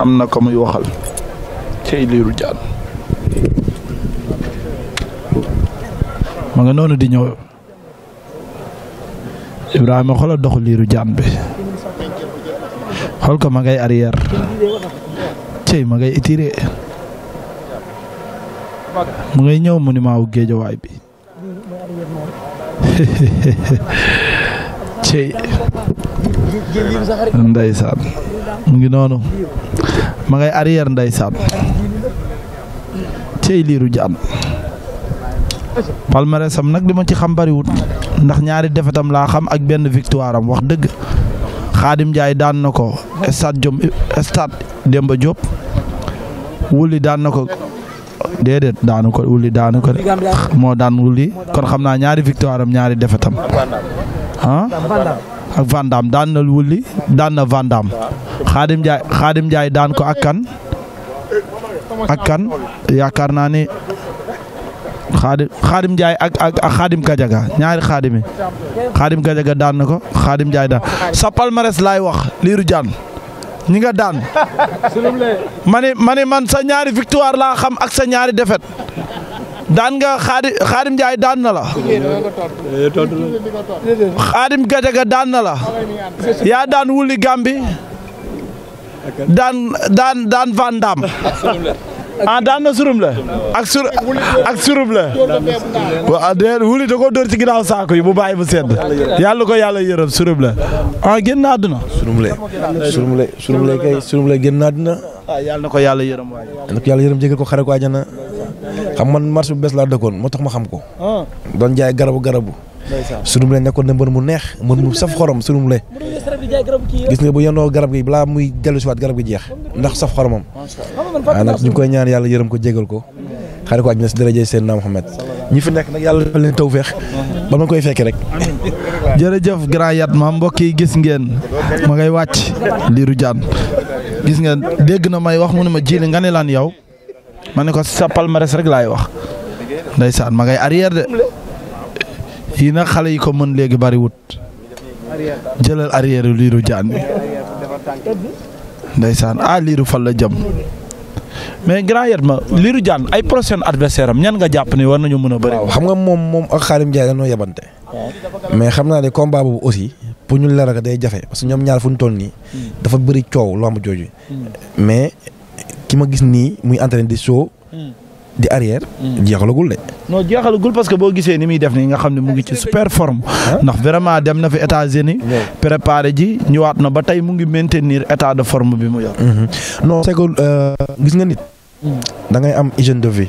am na ko muy waxal cey liiru jaan ma nga noonu di ñëw Ibrahima xoolal doxu liiru jaan bi xool ko ma ngay arrière cey ma ngay étiré mu ngay ñëw monument wu géejawaay bi cey ndeysaan mu ngi noonu ma ngay arrière ndeysaan cey liiru jaan palmarès sam nag li ma ci xam bariwut ndax ñaari defetam laa xam ak benn victoire am wax dëgg Xaadim Njaay daan na ko stade Jom stade Demba Diop wulli daan na ko déedéet daanu ko wulli daanu moo daan wulli kon xam naa ñaari victoire am ñaari defetam ah ak Van Daam daan na wulli daan na Van Xaadim Njaay daan ko ak kan ak kan yaakaar naa ni xaadim xaadim Njaay ak Gajaga ñaari xaadim yi xaadim Gajaga daan na ko xaadim Njaay daan sa palmarès laay wax liiru jaan ñi daan ma ni ma ni man sa ñaari victoire laa xam ak sa ñaari défaite daan nga xaadim xaadim Njaay daan na la. xaadim Gajaga daan na la. yaa daan wuli Gambi daan daan Daam. ah daan na surum la ak sur ak ah, wuli da koo dóor ci ginnaaw saako yi bu bàyyi bu sedd yàlla ko yàlla yërëm surum la ah génn àdduna. surum la surum surub surum la kay surum génn àdduna. Ah, na ko yàlla yërëm waay. yàlla na ko yàlla ko xare ko àjjana. xam man marché bu bees laa dëkkoon moo tax ma xam ko. Ah. doon jaay garabu garabu. sunum le nekkoon na mbër mu neex mbër mu saf xorom sunum le gis nga bu yendoo garab gi balaa muy dellu si waat garab gi jeex ndax saf xoromam waaw ah, nag ñu koy ñaan yàlla yërëm ko jégal ko xari ko àjjana si daraja Seydina Muhammad ñi fi nekk nag yàlla dafa leen tawfeex ba ma koy fekke rek jërëjëf grand Yatma mbokk yi gis ngeen ma ngay wàcc liiru jaan gis ngeen dégg na may wax mu ne ma jili nga ne laan yow ma ne ko sa palmarès rek laay wax ndeysaan ma ngay arrière de yi nag xale yi ko mën léegi bariwut jëlal arrière liiru jaan bi ndeysaan ah liiru fan la jëm mais grand yet ma liiru jaan ay prochain adversaire am ñan nga jàpp ne war nañu mën a bëri. waaw xam nga moom moom ak Xaalim Ndiaye dañoo yabante. mais xam naa ne combat boobu aussi pour ñu leral day jafe parce que ñoom ñaar fu ñu toll nii. dafa bëri coow loo am jooju. Hmm. mais ki ma gis nii muy entraîné di soo. Hmm. di arrière. Hmm. jeexalagul de. non jeexalagul parce que boo gisee ni muy def nii nga xam ne mu ngi ci super forme. ndax vraiment dem na fi États-Unis préparé ji ñëwaat na ba tey mu ngi maintenir état de forme bi mu yor. Hmm, non c'est que euh, gis nga nit. da am hygiène de vie.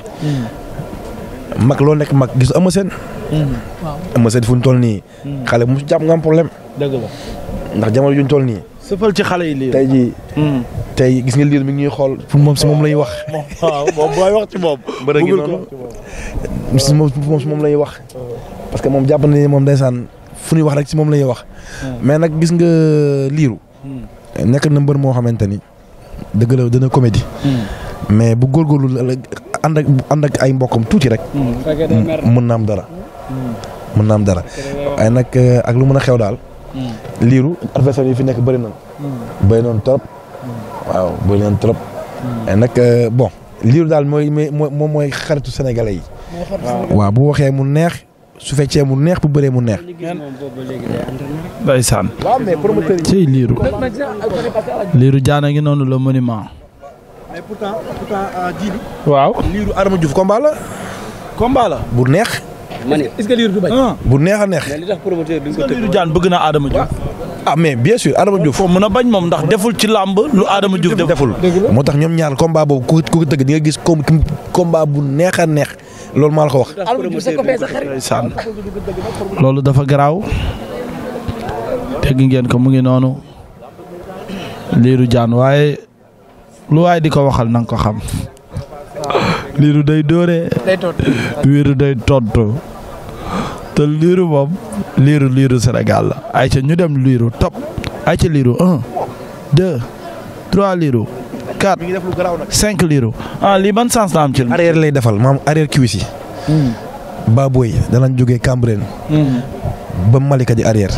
mag loo nekk mag gis ama seen. waaw ama seen fu ñu toll nii. xale mu jàpp nga am problème. ndax jamono ju ñu nii. sëfal ci xale yi liir tey jii. Hmm. tey gis nga liir mi ngi ñuy xool. pour moom si moom lay wax. waaw ci moom. bëri ngi moom si moom wax. parce que moom jàpp na ne moom ndeysaan fu ñuy wax rek si moom lay wax. Hmm. mais nag gis nga euh, liiru. Hmm. nekk na mbër moo xamante ni dëgg la dana comédie. mais bu góorgóorlu ànd ak ànd ak ay mbokkam tuuti rek. mën na am dara. mën na am dara. ay nag euh, ak lu mën a xew daal. liiru adversaire yi fi nekk bëri nañ. Mm. bëri nañ trop. Mm. waaw bëri nañ trop. mais mm. euh, bon liiru daal mooy moom mooy xaritu sénégalais yi. waaw bu waxee mu neex. su fekkee mu neex bu bëree mu neex. ndeysaan. ci liiru. liiru jaana ngi noonu le monument. mais pourtant euh, waaw liiru Adama Diouf combat bu neex. ma ah. bu neex a neex. mais li tax jaan bëgg naa Adama Diouf. ah mais bien sûr Adama Diouf. foo mën a bañ moom ndax deful ci làmb lu Adama Diouf deful. moo tax ñoom ñaar combat boobu ku ko tëgg di nga gis comme combat bu neex a neex loolu maa la ko wax. loolu dafa garaaw. dégg ngeen ko mu ngi noonu. liiru jaan waaye lu waaye di ko waxal na nga ko xam. liiru day dóore. day tontu liiru day tontu. te liiru moom liiru liiru Sénégal la ay ca ñu dem liiru top ay ca liiru un deux trois liiru quatre cinq liiru ah lii ban sens la am ci. arrière lay defal maam arrière cuisse yi. Hmm. Baboy danañ jógee Cambérène. Hmm. ba Malika di arrière.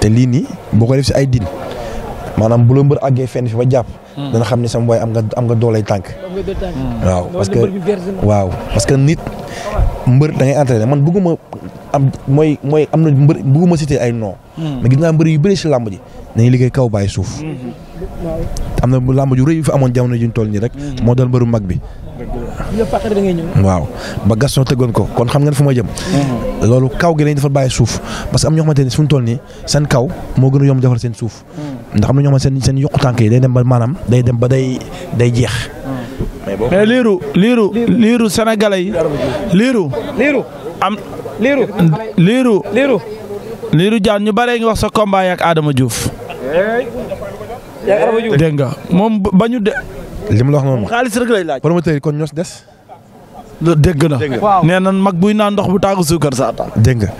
te lii nii boo ko def si ay din maanaam bu la mbër àggee fenn fi ba jàpp. Hmm. dana xam ne sama booy am nga am tànk. waaw parce nit. mbër da ngay entraîné man bëgguma am mooy mooy am na mbër bëgguma cité ay non hmm. mais gis naa mbër yu bëri si làmb ji nañu liggéey kaw bàyyi suuf hmm. am na làmb ju rëy yu fi amoon jamono juñ toll nii rek hmm. moo doon mbëru mag bi waaw ba Gaston tëggoon ko kon xam ngeen fu ma jëm loolu kaw gi lañ dafa bàyyi suuf parce que am ñoo xamante ne suñu toll nii seen kaw moo gën a yomb defar seen suuf ndax am na ñoo xamante seen seen yokku tànk yi day dem ba maanaam day dem ba day day jeex mais eh, liiru liiru liiru sénégalais yi liiru. liiru am. liiru liiru. liiru. liiru jaan ñu bare nga wax sa combat yi eh. ak Adama Diouf. dégg moom ba de. li mu la wax noonu xaalis kon ñoos des. dégg na mag buy naan ndox bu taagu suukar saa taa. dégg nga.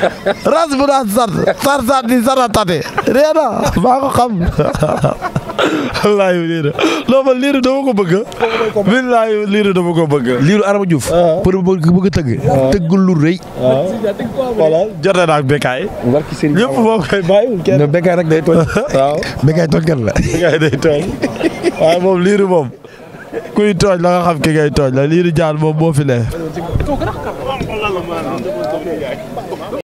ras bu naan sar sar sar di satatate réer na maa ko xam. wallaahi liiru non man liiru dama ko bëgg. wallaahi liiru dama ko bëgg. liiru Arama Diouf. Ah. pour bëgg a tëgg. Ah. tëgg lu rëy. voilà naa ak Bécaye. barki koy bàyyiwul kenn. Bécaye rek day tooñ. waaw Bécaye tooñkat la. moom liiru moom kuy tooñ la xam ki ngay la liiru jaan moom moo fi ne.